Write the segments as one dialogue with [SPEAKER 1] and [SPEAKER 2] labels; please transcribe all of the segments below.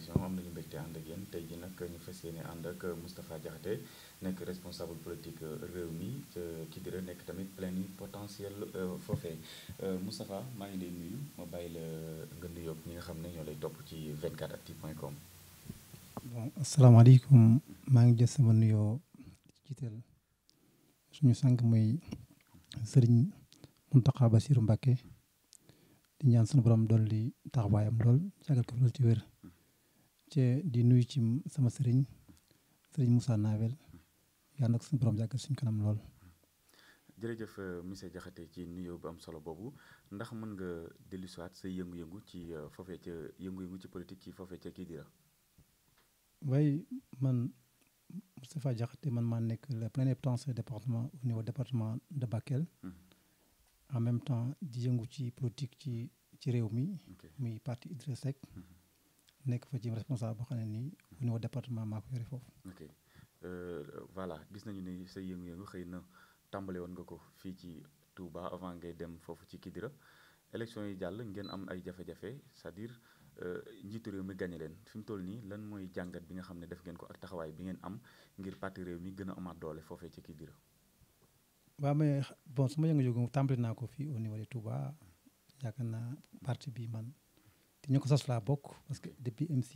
[SPEAKER 1] rédaction am nañu mbégte ànd ak tey ji nag ñu fas yéene ànd ak Moustapha Diakhaté nekk responsable politique euh, réew mi ci euh, nekk tamit plénipotentiel euh, foofee Moustapha maa ngi lay nuyu ma bàyyi la nga nuyoog ñi nga xam ne ñoo lay topp ci 24actu point com bon
[SPEAKER 2] maa ngi jël sama nuyoo suñu sànq muy sëriñ Mountakha Bassirou Mbacké di ñaan suñu borom dolli taxawaayam lool jagal ko lool ci wér ci di nuyu ci sama sëriñ sëriñ Moussa Nawel yàlla nag suñu borom yàgg suñu kanam lool.
[SPEAKER 1] jërëjëf euh, monsieur Diakhaté ci nuyoo bu am solo boobu ndax mën nga dellusiwaat sa yëngu-yëngu ci euh, foofee yëngu-yëngu ci politique ci foofee ca Kidira.
[SPEAKER 2] waaye man Moustapha Diakhaté man maa nekk le plénipotentiaire département au niveau département de Bakel. en même temps di yëngu ci politique ci ci réew mi. muy parti Idrissa Seck. nekk fa ci responsable boo xam ne nii au niveau département maa ko yore foofu.
[SPEAKER 1] ok euh, voilà gis nañu ni sa yëngu-yëngu xëy na tàmbale woon nga ko fii ci Touba avant ngay dem foofu ci Kidira élection yi jàll ngeen am ay jafe-jafe c'est-à-dire euh, njiitu réew mi gañe leen fi mu toll nii lan mooy jàngat bi nga xam ne def ngeen ko ak taxawaay bi ngeen am ngir parti réew mi gën a amaat doole foofee ci Kidira.
[SPEAKER 2] waaw ma yëngu-yëngu tàmbali naa ko fii au niveau de Touba yaakaar naa parti bi man. te ñu ko sos laa bokk parce que depuis M6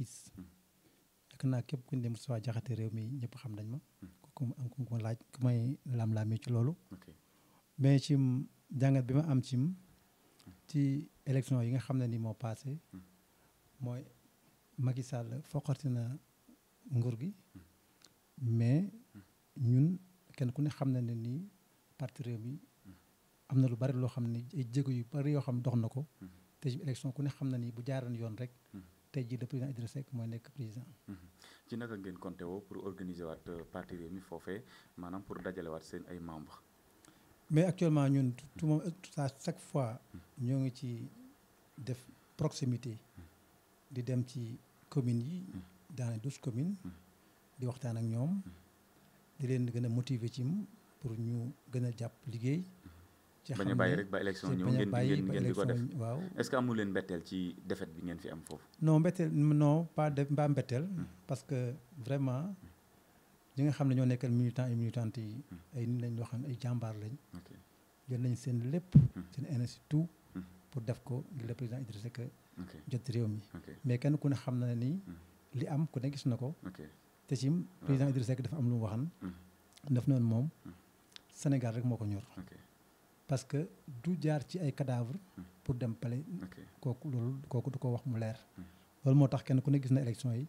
[SPEAKER 2] yàgg naa képp ku ñu dem Moustapha Diakhaté réew mi ñëpp xam nañ ma ku am ku ko laaj ku may laam-laamee ci loolu mais ci jàngat bi ma am cim ci élection yi nga xam ne ni moo passé mooy Macky Sall foqarti na nguur gi mais ñun kenn ku ne xam na ne nii parti réew mi am na lu bari loo xam ne ay jéego yu bari yoo xam dox na ko deuxième élection ku ne xam na ni bu jaaroon yoon rek. Hmm. tey ji le président Idrissa Seck mooy nekk président.
[SPEAKER 1] Hmm. ci naka ngeen compté woo pour organiser waat euh, parti Rewmi foofee maanaam pour dajale waat seen ay membres.
[SPEAKER 2] mais actuellement ñun tout hmm. moom à chaque fois ñoo ngi ci def proximité di dem ci communes yi dans les douze di waxtaan ak ñoom di leen gën a motiver ci pour ñu gën a jàpp liggéey bañ a bàyyi rek ba élection ñëw ngeen ngeen ngeen di ko
[SPEAKER 1] ci fi am foofu
[SPEAKER 2] non mbetteel non pas de mbaa mbetteel hmm. parce que vraiment ñi nga xam ne ñoo nekkal militants yi hmm. ay nit lañ yoo xam ne ay jàmbaar lañ jël nañ seen lépp hmm. seen énergie pour def ko ngir le jot réew mi mais kenn ku ne xam na nii li am ku ne gis na ko te ci président ah. Idrissa Seck dafa am lu mu waxan daf noonu moom Sénégal rek moo ko ñor parce que du jaar ci ay cadavre pour dem pale kooku loolu kooku du ko wax mu leer hmm. loolu moo tax kenn ku ne gis na élection yi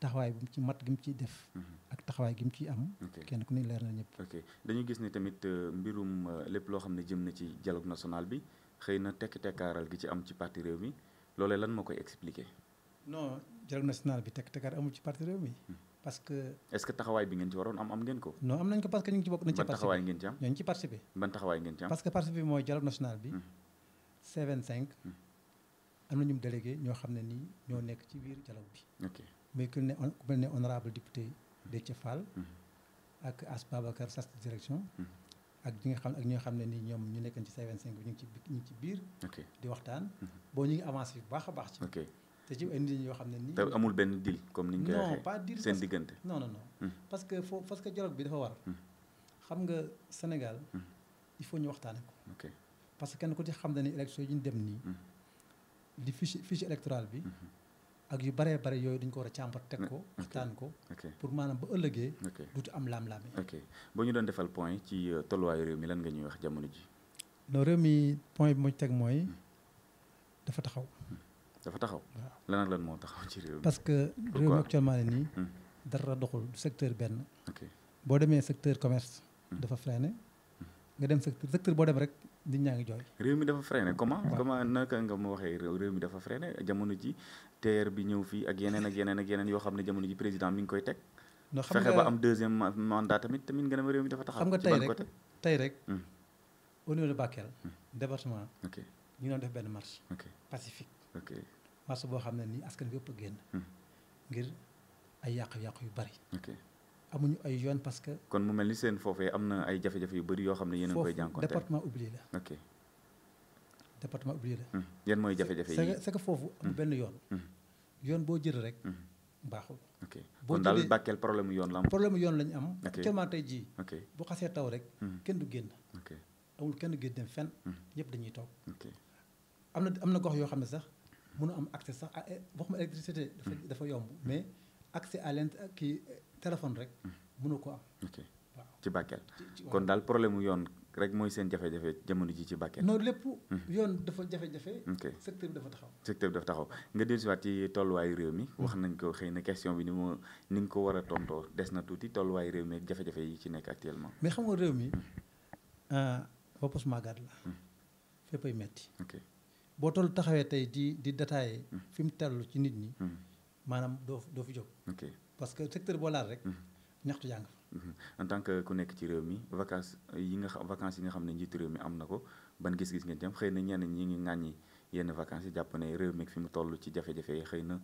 [SPEAKER 2] taxawaay bi mu ci mat gi mu ciy def hmm. ak taxawaay gi mu ciy am kenn ku ne leer na ñëpp
[SPEAKER 1] ok dañu gis ni tamit euh, mbirum euh, lépp loo xam ne jëm na ci dialogue national bi xëy na tekk-tekkaaral gi ci am ci parti réew mi loolee lan moo koy expliquer
[SPEAKER 2] non dialogue national bi tekk-tekkaar amul ci parti réew mi hmm. parce que.
[SPEAKER 1] est-ce que taxawaay bi ngeen ci waroon am am ngeen ko. non am
[SPEAKER 2] nañ ko parce que ñu ngi ci bokk nañ ci. ban taxawaay ngeen ci am ñoo ngi ci participer. ban taxawaay ngeen ci am parce que participer mooy dialogue national bi. Hmm. C25. Hmm. am na ñu délégué ñoo xam ne nii ñoo nekk ci biir dialogue bi. ok mais ku ne ku mel ne honorable député Déthié Fall. Hmm. ak As Babacar sas direction. ak ñi nga xam ak ñi nga xam ne nii ñoom ñu nekkan ci C25 bi ñu ngi ci ñu ngi ci biir. di waxtaan. boo ñu ngi avancé bu baax a baax ci. te ci ay nit ñoo xam ne nii. te
[SPEAKER 1] amul benn deal comme ni ñu koy diggante. non non non hmm.
[SPEAKER 2] parce que foo parce que dialogue bi dafa war. Hmm. xam nga Sénégal. Hmm. il faut ñu waxtaane ko. parce que kenn ku ci xam na ni élection yi dem nii. di fiche fiche électorale bi. ak yu baree bare yooyu dañ ko war a càmbar teg ko waxtaan ko pour maanaam ba ëllëgee du am laam-laame
[SPEAKER 1] ok boo ñu doon defal point ci euh, tolluwaayu réew mi lan nga ñuy wax jamono ji
[SPEAKER 2] noo réew mi point bi mooy teg mooy dafa taxaw
[SPEAKER 1] dafa taxaw lan ak lan moo taxaw ci réew mi parce que réew mi actuellement nii hmm.
[SPEAKER 2] dara doxul secteur benn boo demee secteur commerce hmm. dafa freiné hmm. nga dem secteur secteur boo dem rek nit ñaa ngi jooy
[SPEAKER 1] réew mi dafa freiné comment comment naka nga ma waxee réew mi dafa freiné jamono ji TER bi ñëw fii ak yeneen ak yeneen ak yeneen yoo xam ne jamono ji président mi ngi koy teg fexe ba am deuxième mandat tamit tamit nga ne ma réew mi dafa taxaw xam nga tey rek
[SPEAKER 2] tey Bakel département ñu doon def benn marche pacifique marché boo xam ne ni askan bi yëpp a génn. Hmm. ngir ay yàqu-yàqu yu bari. amuñu ay yoon parce que.
[SPEAKER 1] kon mu mel ni seen foofee am na ay jafe-jafe yu bari yoo xam ne yéen a ngi koy. jànkuwanteel département oublié la. ok la. Hmm. yan mooy jafe-jafe yi c'est foofu. Hmm. benn yoon.
[SPEAKER 2] yoon boo jël rek. baaxul.
[SPEAKER 1] boo kon daal Bakel problème yoon la am. problème yoon la ñu am. actuellement tey jii. ok bu xasee
[SPEAKER 2] taw rek. kenn du génn. amul kenn génn dem fenn. ñëpp dañuy toog. am na am na gox yoo xam ne sax. mënu am accès sax à eh, waxuma électricité. dafa mm-hmm. dafa yomb mais accès à l' kii eh, téléphone rek. Mm-hmm. mënu ko am.
[SPEAKER 1] ok ci Bakel. kon daal problème mu yoon rek mooy seen jafe-jafe jamono ji ci Bakel. noonu lépp. Mm-hmm.
[SPEAKER 2] yoon dafa jafe-jafe. ok secteur bi dafa taxaw.
[SPEAKER 1] secteur bi dafa taxaw nga dellusiwaat ci tolluwaayu réew mi. wax nañ ko xëy na question bi ni mu ni nga ko war a tontoo des na tuuti tolluwaayu réew mi ak jafe-jafe yi ci nekk actuellement.
[SPEAKER 2] mais xam réew mi. boppus euh, màggat la. metti. boo toll taxawee tey di di détaillé hmm. fi mu tellu ci nit ñi hmm. maanaam doo doo fi jóg parce que secteur boo laal rek hmm. ñaxtu jàng
[SPEAKER 1] fa en tant que ku nekk ci réew mi vacances yi nga xam vacances yi nga xam ne njiitu réew mi am na ko ban gis-gis ngeen jëm xëy na ñenn ñi ngi ñi yenn vacances yi jàpp ne réew mi fi mu toll ci jafe-jafe yi xëy na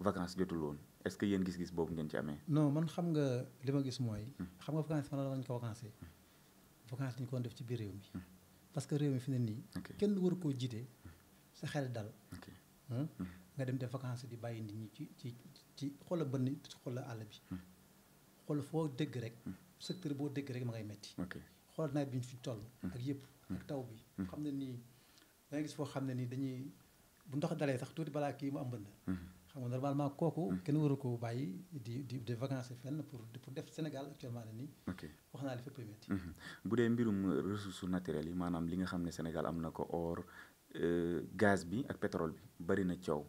[SPEAKER 1] vacances jotul woon est-ce que yéen gis-gis boobu ngeen ci amee
[SPEAKER 2] no man xam nga li ma gis mooy xam nga vacances fan la lañ ko vacances vacances ñu ko def ci biir réew mi parce que réew mi fi ne nii kenn waru koo jiite sa xel dal. Hmm? Hmm. nga dem def vacances di bàyyi nit ñi ci ci ci xoola bënn xoola àll bi. Hmm. xoola foo dégg rek. secteur boo dégg rek ma ngay metti xool nawet bi ñu fi toll. ak yëpp ak ne nii da ngay gis foo xam ne nii dañuy bu ndox dalee sax tuuti balaa kii mu am bënn. xam nga normalement kooku. kenn waru ko bàyyi di di di vacances fenn pour pour def Sénégal actuellement nii. ok wax naa li fépp metti
[SPEAKER 1] bu dee mbirum ressources naturelles yi maanaam li nga xam ne Sénégal am na ko or Euh, gaz bi ak pétrole bi bari na coow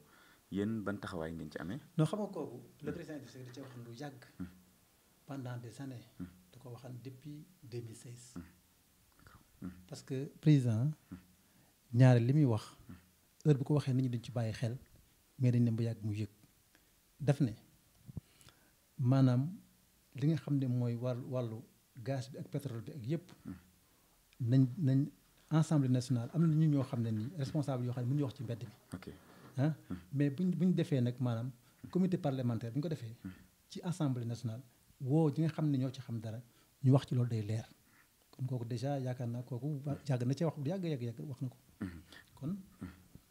[SPEAKER 1] yéen ban taxawaay ngeen ci amee.
[SPEAKER 2] non xam nga kooku hmm. le président de wax waxoon lu yàgg. Hmm. pendant des années. Hmm. da ko waxal depuis 2016. parce que président ñaare li muy wax heure bu ko waxee nit ñi ci bàyyi xel mais dañ ne bu yàgg mu yëg daf ne maanaam li nga xam ne mooy wàllu wàllu gaz bi ak pétrole bi ak yépp nañ nañ. assemblée nationale am na ñu ñoo xam ne nii responsable yoo xam ne mënuñu wax ci mbedd bi ah? hmm. mais buñ bu ñu defee nag maanaam comité parlementaire bu ñu ko defee hmm. ci assemblée nationale woo ñi nga xam ne ñoo ci xam dara ñu wax ci loolu day leer kon kooku déjà yaakaar naa kooku yàgg na ci wax bu yàgg yàgg yàgg wax na ko hmm. kon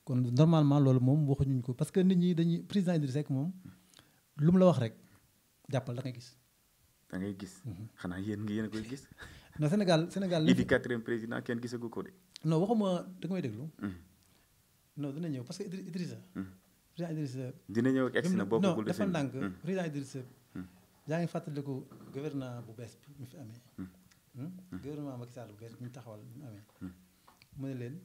[SPEAKER 2] kon normalement loolu moom waxuñu ko parce que nit ñi dañuy président Idrissa moom lu mu la wax rek jàppal da ngay gis
[SPEAKER 1] da gis xanaa yéen nga yéen a koy gis non Sénégal Sénégal. li di quatrième président kenn gisagu ko de.
[SPEAKER 2] non waxuma da nga déglu. Hmm. non dina ñëw parce que Idrissa.
[SPEAKER 1] président
[SPEAKER 2] hmm. Idrissa. dina ñëw ak ex na boo bëggul. dafa ndànk président hmm. Idrissa. yaa ngi fàttaliku gouvernement bu bees bi mu fi amee. gouvernement Macky Sall bu bees bi ñu taxawal bi mu mu ne leen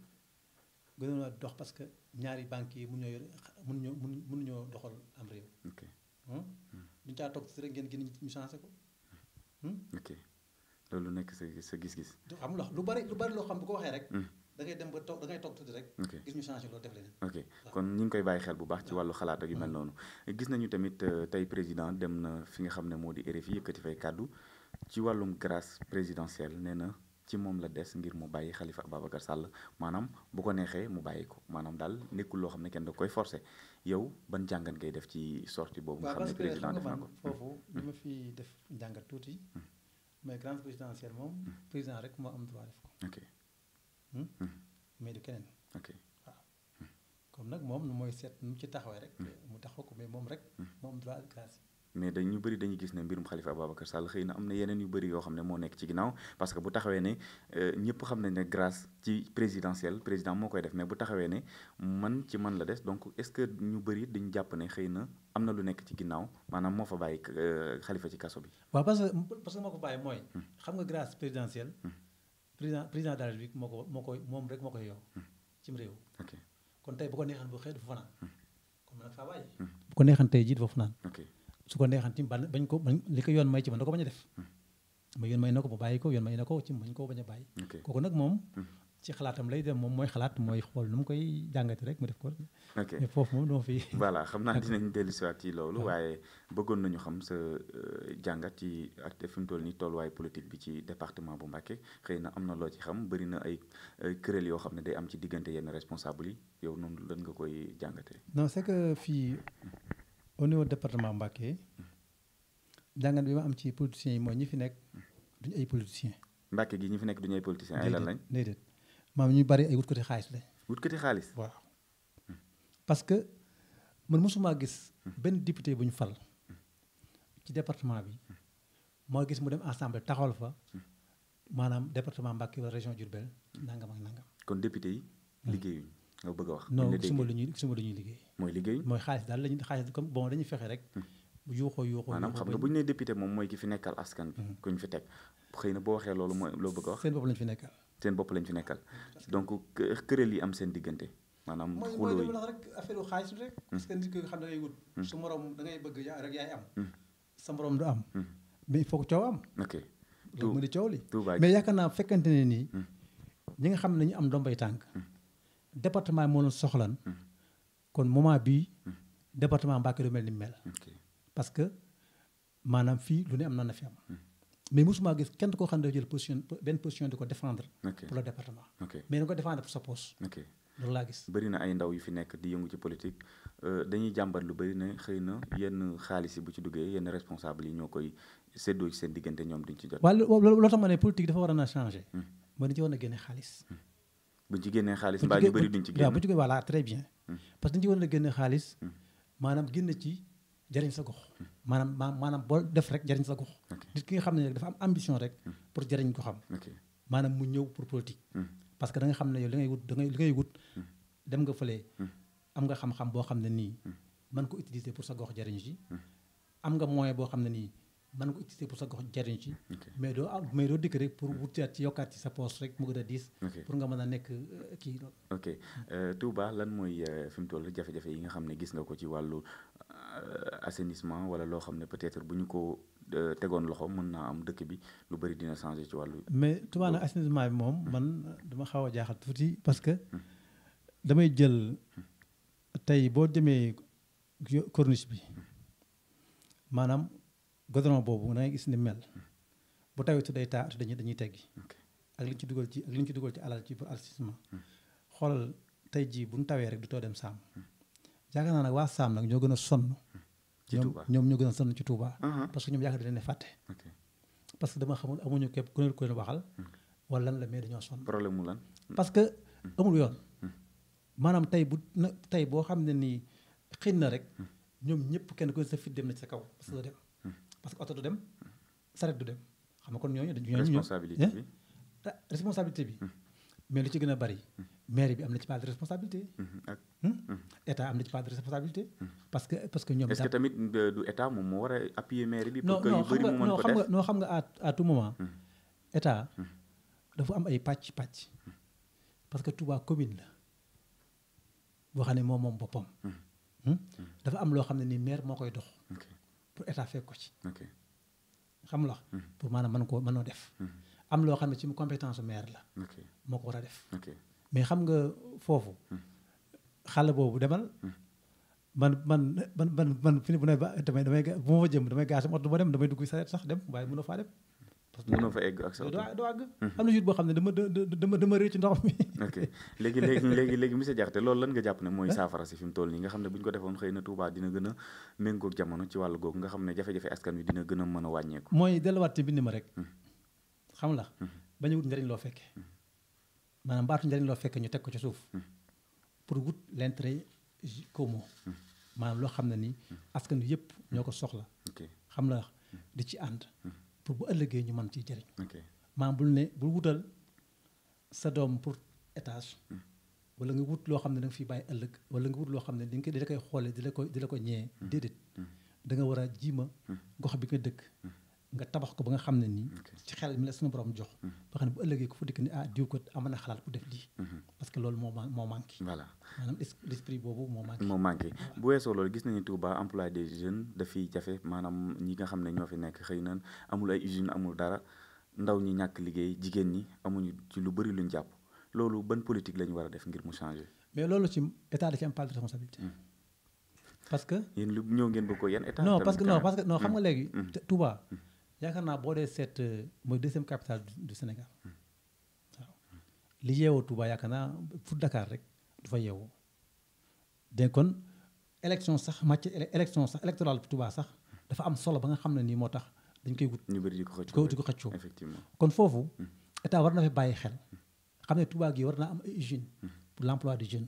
[SPEAKER 2] gouvernement dox parce que ñaari banques yi mun ñoo yor mun ñoo mun ñoo doxal am réew. ok duñ caa toog si rek ngeen gën ñu changé ko.
[SPEAKER 1] loolu nekk sa sa gis-gis.
[SPEAKER 2] xam nga lu bari lu bari loo xam bu ko waxee rek. Mm. da dem ba toog tuuti rek.
[SPEAKER 1] ok kon ñu ngi koy bàyyi xel bu baax ci wàllu xalaat ak yu mel mm. noonu. gis nañu tamit euh, tey président dem na fi nga xam ne moo di RFI yëkkati fay kàddu ci wàllum grâce présidentielle nee na ci moom la des ngir mu bàyyi xalifa Ababacar sàll maanaam bu ko neexee mu bàyyi ko maanaam daal nekkul loo xam ne kenn da koy forcer yow ban jàngat ngay def ci sorti boobu. nga xam ne mm.
[SPEAKER 2] ma fi def jàngat tuuti mais grande présidentielle moom président rek moo am droit def
[SPEAKER 1] ko. ok. mais du keneen. waaw
[SPEAKER 2] comme hm. nag moom mooy seet nu mu ci taxawee rek. Hm. mu taxaw ko mais moom rek. Hm. moo am droit grâce.
[SPEAKER 1] mais dañ ñu bëri dañuy gis ne mbirum Khalifa Ababacar Sall xëy na am na yeneen yu bëri yoo xam ne moo nekk ci ginnaaw parce que bu taxawee ne euh, ñëpp xam nañ ne grace ci présidentielle président moo koy def mais bu taxawee ne man ci man la des donc est-ce que ñu bëri dañu jàpp ne xëy na am na lu nekk ci ginnaaw maanaam moo fa bàyyi xalifa euh, ci kaso bi.
[SPEAKER 2] waaw parce que parce que moo ko bàyyi mooy. Hmm. xam nga grâce présidentielle. Hmm. président président de moo ko moo koy moom rek moo koy yor. Hmm. cim réew. ok kon tey bu ko neexan bu xëy dafa fanaan. kon nag faa bàyyi. bu ko neexan tey jii dafa fanaan. su ko neexanti bañ ko bañ li ko yoon may ci man da bañ a def hmm. ma yoon may na ko ba bàyyi ko yoon may na ko ci bañ koo bañ a bàyyi kooku nag moom hmm. ci xalaatam lay dem moom mooy xalaat mooy xool nu mu koy jàngati rek mu def ko
[SPEAKER 1] ok mais foofu moom doo fi voilà xam naa dinañ dellu siwaat ci loolu ah. waaye bëggoon xam sa euh, jàngat ci ak fi mu toll nii tolluwaay politique bi ci département bu Mbacké xëy na am na loo ci xam bëri na ay kuréel yoo xam ne day am ci diggante yenn responsable yi yow noonu lan nga koy jàngatee
[SPEAKER 2] non c'est fii hmm. au niveau département Mbacké jàngat bi ma am ci politiciens yi mooy ñi fi nekk duñu ay politiciens.
[SPEAKER 1] Mbacké gi ñi fi nekk duñu ay politiciens. ay lan lañ
[SPEAKER 2] déedéet maam ñu bari ay wutkati xaalis lañ.
[SPEAKER 1] wutkati xaalis waaw.
[SPEAKER 2] Hmm. parce que man mosuma gis hmm. benn député bu ñu fal ci département bi hmm. moo gis mu dem assemblée taxawal fa maanaam département Mbacké wala région Diourbel nangam ak nangam.
[SPEAKER 1] kon député yi liggéeyuñu. nga bëgg a wax. non gisuma lu ñuy liggéey. mooy liggéey
[SPEAKER 2] mooy xaalis daal la ñuy xaalis comme bon dañuy fexe rek. Hmm. yuuxoo yuuxoo maanaam xam
[SPEAKER 1] mooy ki fi nekkal askan bi. Hmm. na boo waxee loolu mooy loo bëgg a wax. seen bopp lañ fi nekkal. seen bopp lañ seen diggante. maanaam xuloo yi mooy
[SPEAKER 2] rek affaire xaalis bi rek. Hmm. parce que nit ki am. sa morom du am. mais di coow li. yaakaar naa fekkante ne nii. ñi nga xam ne ñu am ndombay tànk département yi moo doon soxlan kon moment bii département Mbacké du mel ni mel parce que maanaam fii lu ne am na na fi am hmm. mais mosuma gis kenn koo xam ne jël position benn position di ko défendre pour le département mais na ko défendre pour sa poste
[SPEAKER 1] loolu laa gis bari na ay ndaw yu fi nekk di yëngu ci politique euh, dañuy jàmbat lu bari ne xëy na yenn xaalis yi bu ci duggee yenn responsable yi ñoo koy séddoo seen diggante ñoom duñ ci jot waaw
[SPEAKER 2] loolu tax ma ne politique na changé hmm. a xaalis hmm.
[SPEAKER 1] bu ci génnee xaalis mbaa ñu bëri duñ ci génn waaw bu ci génne voilà
[SPEAKER 2] très bien. Hmm. parce que dañu ci waroon a génne xaalis. Hmm. maanaam génn ci jariñ sa gox. Hmm. maanaam maanaam boo def rek jariñ sa gox. nit ki nga xam ne rek dafa am ambition rek. pour jariñ ko xam. maanaam mu ñëw pour politique. parce que da nga xam ne yow li ngay wut da ngay li ngay wut. dem nga fële. am nga xam-xam boo xam ne nii. mën ko utiliser pour sa gox jariñ ji. am nga moyen boo xam ne nii. mën ko utiliser pour sa gox jariñ ci mais doo am mais doo dikk rek pour mm-hmm. wutaat ci yokkaat ci sa poche rek mu gën a diis pour nga mën a nekk euh, kii loolu
[SPEAKER 1] ok euh, Touba lan mooy euh, fi toll jafe-jafe yi nga xam ne gis nga ko ci wàllu assainissement wala loo xam ne peut-être bu ñu ko tegoon loxo mën naa am dëkk bi lu bëri dina changer ci wàllu mais Touba nag
[SPEAKER 2] assainissement bi moom mm-hmm. man dama xaw a jaaxal tuuti parce que mm-hmm. damay jël tey boo demee corniche bi maanaam goudron boobu da gis ni mel bu tawee tawitu day taa atu dañuy dañuy teggi ak li ci dugal ci ak ci dugal ci alal ci pour assainissement hmm. xoolal tey jii bu ñu tawee rek du too dem saam hmm. yaakaar naa nag waa saam nag ñoo gën a sonn hmm. ñoom ñoo gën a sonn ci Touba uh-huh. parce que ñoom yaakaar dañ leen fàtte parce que dama xamul amuñu képp ku leen ku leen waxal wala lan la mais dañoo sonn problème mu lan parce que amul yoon maanaam tey bu na tey boo xam ne nii xin na rek ñoom ñëpp kenn ku sa fit dem na ci kaw parce que dem parce que oto du dem saret du dem xam nga kon ñooñu dañu ñooñu bi ah, hmm. mais lu ci gën a bari hmm. maire bi am na ci part de responsabilité. Hmm, de responsabilité. parce que parce que ñoom. est-ce
[SPEAKER 1] que euh, du état moom moo war a appuyer maire bi. pour que xam nga
[SPEAKER 2] noo xam nga à à état dafa am ay pàcc pàcc. parce que Touba commune la boo xam ne moom moom boppam. dafa am loo xam ne ni maire moo koy dox. pour état fekk ko ci. xam nga mhm. pour maanaam mën koo mënoo def. Mhm. am loo xam ne ci compétence maire la. moo ko war a def. mais xam nga foofu. Mhm. xale boobu demal. man man man man man bu ne ba damay damay bu ma fa jëm damay gaas ma oto ma dem damay dugg sax dem waaye mënoo faa dem.
[SPEAKER 1] parce que mënoo fa egg ak sa oto doo àgg. Mhm.
[SPEAKER 2] am na jur boo xam ne dama dama dama réer ci ndox mi.
[SPEAKER 1] ok léegi léegi léegi léegi monsieur Diakhaté loolu lan nga jàpp ne mooy saafara si fi mu toll nii nga xam ne bu ñu ko defoon xëy na Touba dina gën a méngoog jamono ci nga xam ne jafe-jafe askan wi dina gën a mën a wàññeeku.
[SPEAKER 2] mooy delluwaat ci bind ma rek. Mhm. xam la mhm. bañ a wut njëriñ loo fekke maanaam baatu njëriñ loo fekke ñu teg ko ci suuf. pour wut l'intérêt commun maanaam loo xam ne nii askan wi yëpp ñoo ko soxla xam la di ci ànd pour bu ëllëgee ñu mën ciy jëriñ maam bul ne bul wutal sa doom pour étage hmm. wala nga wut loo xam ne da nga fiy bàyyi ëllëg wala nga wut loo xam ne di nga di koy xoolee di la ko di la ko ñee hmm. déedéet hmm. da nga war a jiima gox bi nga dëkk nga tabax ko ba nga xam ne nii ci xel mi la suñu borom jox mhm. ba xam ne bu ëllëgee ko fu dikk ni ah diw ko amoon na xalaat bu def lii mhm. parce que loolu moo moo
[SPEAKER 1] moo manqué moo bu weesoo loolu gis nga xam ne ñoo fi nekk xëy na amul ay usine amul dara ndaw ñi ñàkk liggéey jigéen ñi amuñu ci lu bëri luñ jàpp loolu ban politique la war a def ngir mu changer
[SPEAKER 2] mais loolu ci état da ci am part hmm.
[SPEAKER 1] lu ñëw ngeen bëgg
[SPEAKER 2] yaakaar naa boo dee seet euh, mooy deuxième capitale du Sénégal waaw li yeewoo Touba yaakaar naa fu Dakar rek du fa yeewoo dégg kon élection sax matière élection sax électorale tubaa sax dafa am solo ba nga xam ne nii moo tax dañ koy wut.
[SPEAKER 1] ñu bëri di ko xëccoo effectivement
[SPEAKER 2] kon foofu hmm. état war na fa bàyyi xel xam ne tubaa gi war naa am ay usine pour l' de des jeunes.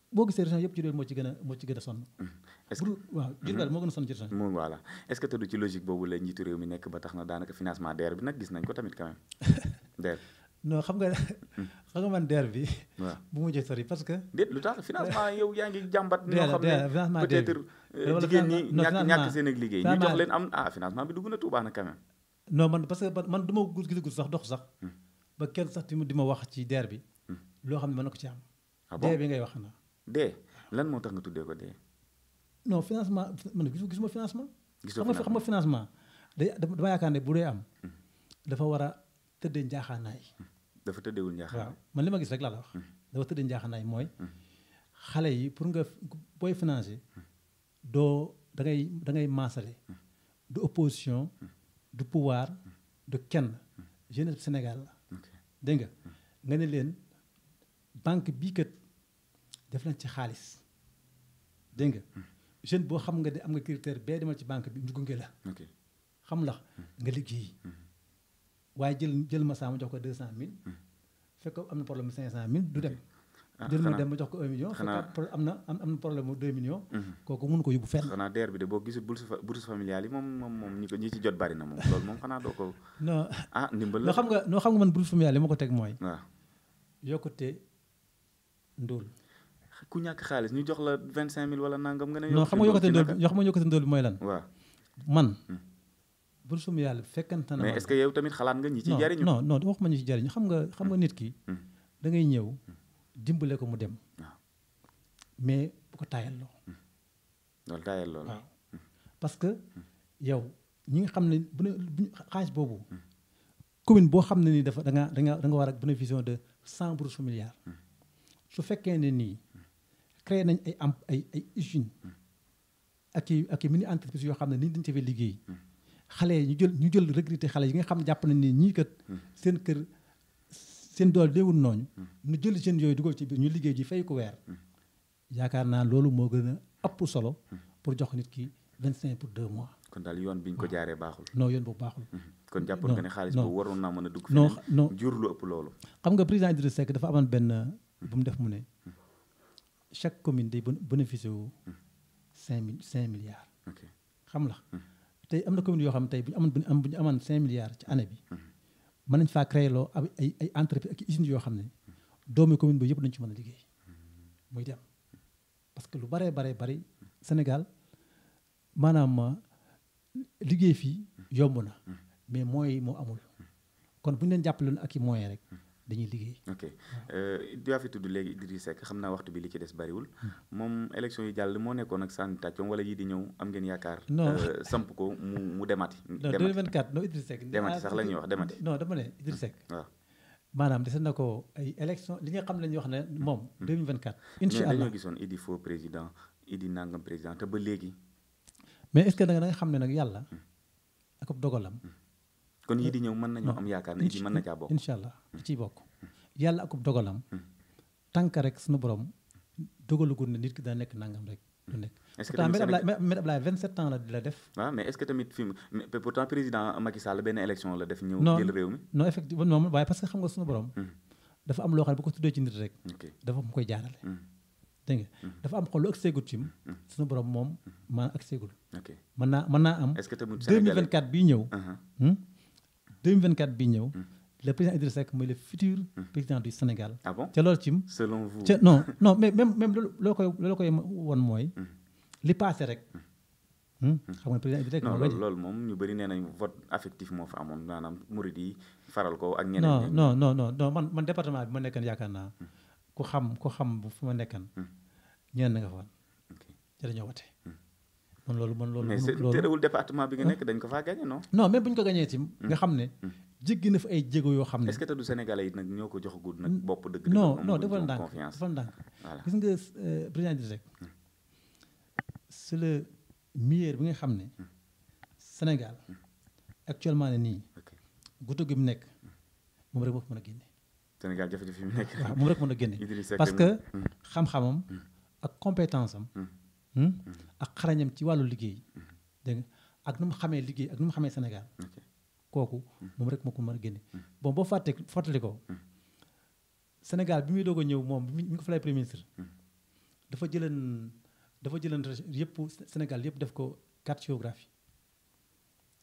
[SPEAKER 2] boo gisee région yëpp Diourbel moo ci gën a moo ci gën a sonn.
[SPEAKER 1] Hmm. est-ce que waaw Diourbel hmm. moo gën a sonn ci région yi. moom voilà est-ce que tëdd ci logique boobu la njiitu réew mi nekk ba tax na daanaka financement DER bi nag gis nañ ko tamit quand même DER.
[SPEAKER 2] non xam nga hmm. xam nga man DER bi. waaw bu mu mujjee sori parce que.
[SPEAKER 1] déet lu tax financement yow yaa ngi jàmbat. ñoo xam ne peut-être jigéen ñi ñàkk ñàkk seen ak liggéey. ñu jox leen am ah financement bi dugg na Touba nag quand même.
[SPEAKER 2] non man parce que man du ma gis gisagut sax dox sax. ba kenn sax di ma wax ci DER bi. loo xam ne mën na ko ci am.
[SPEAKER 1] Ah DER bi ngay wax na dee lan moo tax nga tuddee ko dee.
[SPEAKER 2] non financement man gisuma financement. gisuma financement xam nga financement day dama yaakaar ne bu dee am. Hmm. dafa war a tëddee njaaxaanaay. Hmm.
[SPEAKER 1] dafa tëddeewul njaaxaanaay waaw
[SPEAKER 2] man ma gis rek laa la wax. Hmm. dafa tëddee njaaxaanaay mooy. xale yi pour nga booy financer doo da ngay maasale du opposition du pouvoir du kenn jeunesse Sénégal la dégg nga nga ne leen banque bii kat def nañ ci xaalis dégg nga. Hmm. jeune boo xam nga de am nga critère bee demal ci banque bi ñu gunge la. xam la hmm. nga liggéey. Hmm. waaye jël jël ma saa ma jox ko de cent mille. fekk am na problème mu cinq cent du dem. Ah, jël ma dem ma jox ko un million. xanaa fekk am na am na problème mu deux millions. kooku mun ko yóbbu fenn.
[SPEAKER 1] xanaa DER bi de boo gisul bourse bourse familiale yi moom moom moom ñi ko ñi ci jot bari na moom loolu moom xanaa doo ko. non ah ndimbal la xam
[SPEAKER 2] nga noo xam nga man bourse familiale yi ma ko teg mooy.
[SPEAKER 1] waaw ah. yokkute ndóol. ku ñàkk xaalis ñu jox la vingt cinq mille wala nangam nga ne. non xam nga yokkate ndóol bi
[SPEAKER 2] xam nga yokkate ndóol bi mooy lan. man. Hmm. bul sum yàlla fekkante est-ce que yow tamit xalaat nga ñi ci jariñu. non non waxuma ñu ci jariñu xam xam nga hmm. nit ki. Hmm. da ñëw dimbale ko mu dem. Ah. mais bu ko taayal loo. loolu parce que yow ñi nga xam ne xaalis boobu. commune boo xam ne ni dafa da nga da nga da a bénéfice de cent pour su fekkee ne nii. créé nañ ay am ay ay usines ak i ak i mini entreprise yoo xam ne nii dañ ci fee liggéey xale yi ñu jël ñu jël recruter xale yi nga xam jàpp nañ ne ñii kat seen kër seen dool déewul nooñ ñu jël jeunes yooyu dugal ci biir ñu liggéey ji fay ko weer yaakaar naa loolu moo gën a ëpp solo pour jox nit ki vingt cinq pour deux mois
[SPEAKER 1] kon daal yoon bi ñu ko jaaree baaxul noo yoon bu baaxul mhm. kon jàppoon nga ne xaalis boobu waroon naa mën a dugg feneen non jur lu ëpp loolu
[SPEAKER 2] xam nga président Idrissa Seck dafa amoon benn bu mu def mu ne mhm. chaque commune day bénéficié wu cinq mille cinq milliards. xam la hmm. tey am na commune yoo xam tey bu ñu amoon bu ñu amoon cinq milliards ci année bi hmm. mën nañ faa créé loo ay ay entreprise ak usines yoo xam ne doomi commune bi yëpp nañu ci mën a liggéey hmm. muy dem parce que lu baree baree bari Sénégal maanaam euh, liggéey fii yomb na mais moyens moo amul kon bu ñu leen jàppale ak i moyens rek dañuy liggéey.
[SPEAKER 1] ok euh, yaa fi tudd léegi Idrissa Seck xam naa waxtu bi li ci des bariwul hmm. moom élection yi jàll moo nekkoon ak sànni tàccoom wala yii di ñëw am ngeen yaakaar. non euh, samp ko mu mu demati. demati non 2024 non Idrissa Seck. demati sax la ñuy wax demati. non dama ne Idrissa Seck. Hmm, waaw
[SPEAKER 2] maanaam dese na ko ay
[SPEAKER 1] élection li nga xam ne
[SPEAKER 2] ñu wax ne moom.
[SPEAKER 1] 2024 hmm. incha allah mais dañoo gisoon Idi faux président Idi nangam président te ba léegi.
[SPEAKER 2] mais est-ce que da xam ne nag yàlla. ak dogalam.
[SPEAKER 1] kon yii di hmm. ñëw mën nañoo hmm. am yaakaar ne idi mën na caa bokk incha
[SPEAKER 2] allah di hmm. bokk yàlla akub dogalam tànk rek suñu borom dogalagul ne nit ki daa nekk nangam rek lu nekk
[SPEAKER 1] est-ce que tamit Me
[SPEAKER 2] Ablaye 27 ans la di
[SPEAKER 1] la def. waaw ah, mais est-ce que tamit fi mu ko
[SPEAKER 2] tuddee ci nit am koy jaarale. dégg nga dafa moom maa ak seegul. ok mën naa mën naa am. est-ce que tamit bii ñëw. Uh-huh. 2024 bii ñëw. Hmm. le président Idrissa Seck mooy le futur hmm. président du Sénégal.
[SPEAKER 1] ah bon ca lool cim. selon vous ca non
[SPEAKER 2] non mais même même loo koy loo koy won mooy. Hmm. li passé rek. xam nga président Idrissa Seck
[SPEAKER 1] loolu moom ñu bëri nee nañ vote affectif moo fa amoon maanaam murid yi faral ko ak. ñeneen
[SPEAKER 2] non man man département bi ma nekkan yaakaar naa. ku xam ku xam bu fu ma nekkan. ñeneen na nga fa. ca dañoo wote. man loolu man loolu. loolu terewul
[SPEAKER 1] département bi nga ah. nekk dañ ko faa gagné non.
[SPEAKER 2] non mais bu ñu ko gagné ci hmm. nga xam ne. Hmm. jéggi na fa ay jéego yoo xam ne. est-ce que te du Sénégalais yi nag ñoo ko joxagul nag hmm. bopp dëgg. non non defal ndànk defal ndànk gis nga euh, président Idrissa Seck c'est le meilleur bi nga xam ne Sénégal actuellement ne nii guddo gi mu nekk moom rek moo ko mën a génne.
[SPEAKER 1] Sénégal jafe-jafe yi mu nekk. waaw moom rek mën a génne. parce que
[SPEAKER 2] xam-xamam ak compétence am. Hmm? Hmm. ak xarañam ci wàllu liggéey hmm. dégg nga ak nu mu xamee liggéey ak nu mu xamee senegal kooku moom rek moo ko mën a génne bon boo fàtte fàttali ko senegal bi muy doog a ñëw moom bi ñu ko falee premier ministre dafa jëlan dafa jëlan yépp senegal yëpp def ko carte géographie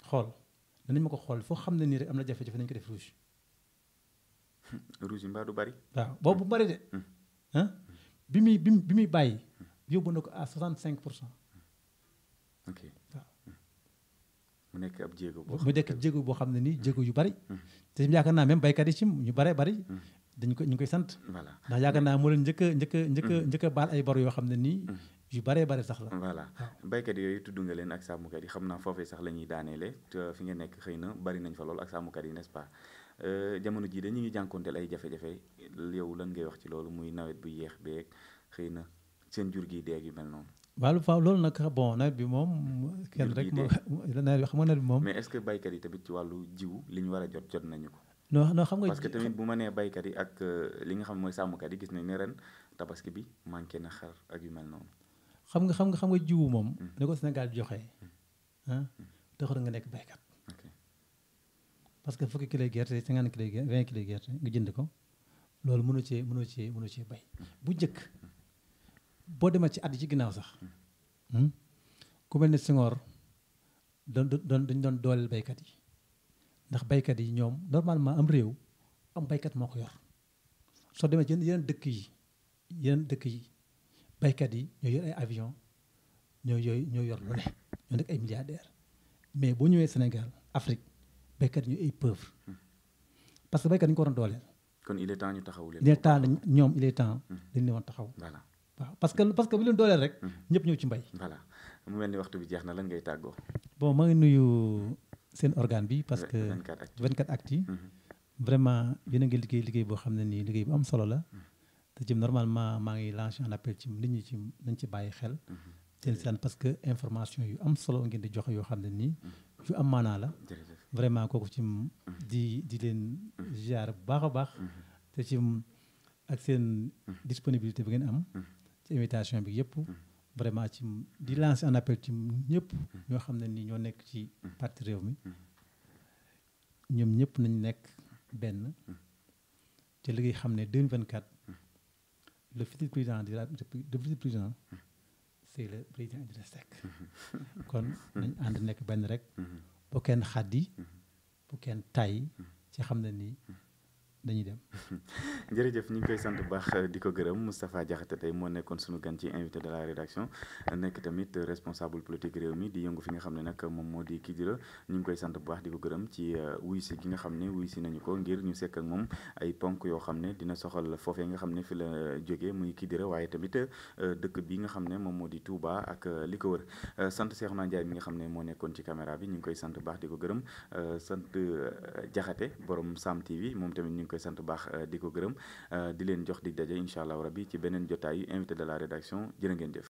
[SPEAKER 2] xool danañ ma ko xool foo xam ne nii rek am na jafe-jafe nañu ko def rouge
[SPEAKER 1] rouge yi mbaa du bari waaw
[SPEAKER 2] boobu bu bari de bi muy bi muy bàyyi yóbbu na ko à 65 pour
[SPEAKER 1] cent. mu nekk ab jéego boo. mu
[SPEAKER 2] jéego boo xam ne nii mm-hmm. jéego yu bari. Mm-hmm. te yaakaar naa même baykat yi ci ñu bare bari. Mm-hmm. dañ ko ñu koy sant. voilà ndax yaakaar naa moo leen njëkk a njëkk a njëkk baal ay bor yoo xam ne nii. yu bare bari sax la.
[SPEAKER 1] voilà baykat yooyu tudd nga leen ak sàmmkat yi xam naa foofee sax la ñuy daaneele te fi nga nekk xëy na bari nañ fa loolu ak sàmmkat yi n'est-ce pas. Euh, jamono jii de ñu ngi jànkuwanteel ay jafe-jafe yow lan ngay wax ci loolu muy nawet bu yéex beeg xëy na seen jur gi dee gi mel noonu.
[SPEAKER 2] waaw faaw loolu nag bon nawet bi moom. kenn rek nawet bi xam nga nawet bi moom. mais
[SPEAKER 1] est-ce que baykat yi tamit ci wàllu jiwu li war a jot jot nañu ko. non non xam nga parce que tamit bu nee baykat yi ak euh, li nga xam mooy sàmmkat yi gis nañ ne ren tabaski bi manqué na xar ak yu mel noonu.
[SPEAKER 2] xam nga xam nga xam nga jiwu moom. Hmm. ne ko Sénégal joxe ah taxul nga nekk baykat. parce que fukki kilo gerte cinquante kilo gerte vingt gerte nga jënd ko loolu mënu cee mënu ci mënu cee bay bu njëkk. boo demee ci at yi ci ginnaaw sax hmm, ku mel ne Senghor doon doon dañ doon dooleel baykat yi ndax baykat yi ñoom normalement am réew am baykat moo ko yor soo demee ci yeneen dëkk yi yeneen dëkk yi baykat yi ñoo yor ay avion ñoo yooyu ñoo yor lu ne ñoo nekk ay milliardaires mais boo ñëwee Sénégal Afrique baykat yi ñu ay pauvre parce que baykat yi ñu ko waroon dooleel.
[SPEAKER 1] kon il est temps ñu taxaw leen. il est temps
[SPEAKER 2] ñoom il est temps hmm. dañ leen woon taxaw. voilà waaw parce que parce que bu leen
[SPEAKER 1] dooleel rek. Mhm. ñëpp ñëw ci mbay. voilà mu mel ni waxtu bi jeex na lan ngay tàggoo.
[SPEAKER 2] bon ma ngi nuyu seen organe bi parce que 24 actu yi. Mhm. vraiment yéen a ngi liggéey liggéey boo xam ne nii liggéey bu am solo la. Mhm. te ci normalement maa ngi lancé un appel ci nit ñi ci nañ ci bàyyi xel. seen si parce que information yu am solo ngeen di jox yoo xam ne nii. yu am maanaa la. vraiment kooku ci di di leen ziar bu baax a baax. te ci ak seen disponibilité bi ngeen am. invitation bi yëpp mm. vraiment ci di lancer un appel ci ñëpp mm. ñoo xam ne ni ñoo nekk ci mm. parti réew mi ñoom ñëpp nañ nekk benn te li xam ne 2024 le futur président de la République le futur président c'est le président Idrissa Seck kon nañ ànd nekk benn rek bu kenn xaddi bu kenn tay ci xam na nii dañuy dem.
[SPEAKER 1] jërëjëf ñu ngi koy sant bu baax euh, di ko gërëm Moustapha Diakhaté tey moo nekkoon suñu gan ci invité de la rédaction nekk tamit responsable politique réew mi di yëngu fi nga xam ne nag moom moo di Kidira ñu ngi koy sant bu baax di ko gërëm ci euh, wuy si gi nga xam ne wuy si nañu ko ngir ñu sekk ak moom ay ponk yoo xam ne dina soxal foofee nga xam ne fi la euh, jógee muy Kidira waaye tamit dëkk bi nga xam ne moom moo di Touba ak li ko wër sant Cheikhouna Ndiaye mi nga xam ne moo nekkoon ci caméra bi ñu ngi koy sant bu baax di ko gërëm sant Diakhaté borom Sam TV moom tamit ñu ngi koy koy sant baax euh, di ko gërëm euh, di leen jox di daje incha allah rabi ci beneen jotaayu invité de la rédaction jërë ngeen jëf.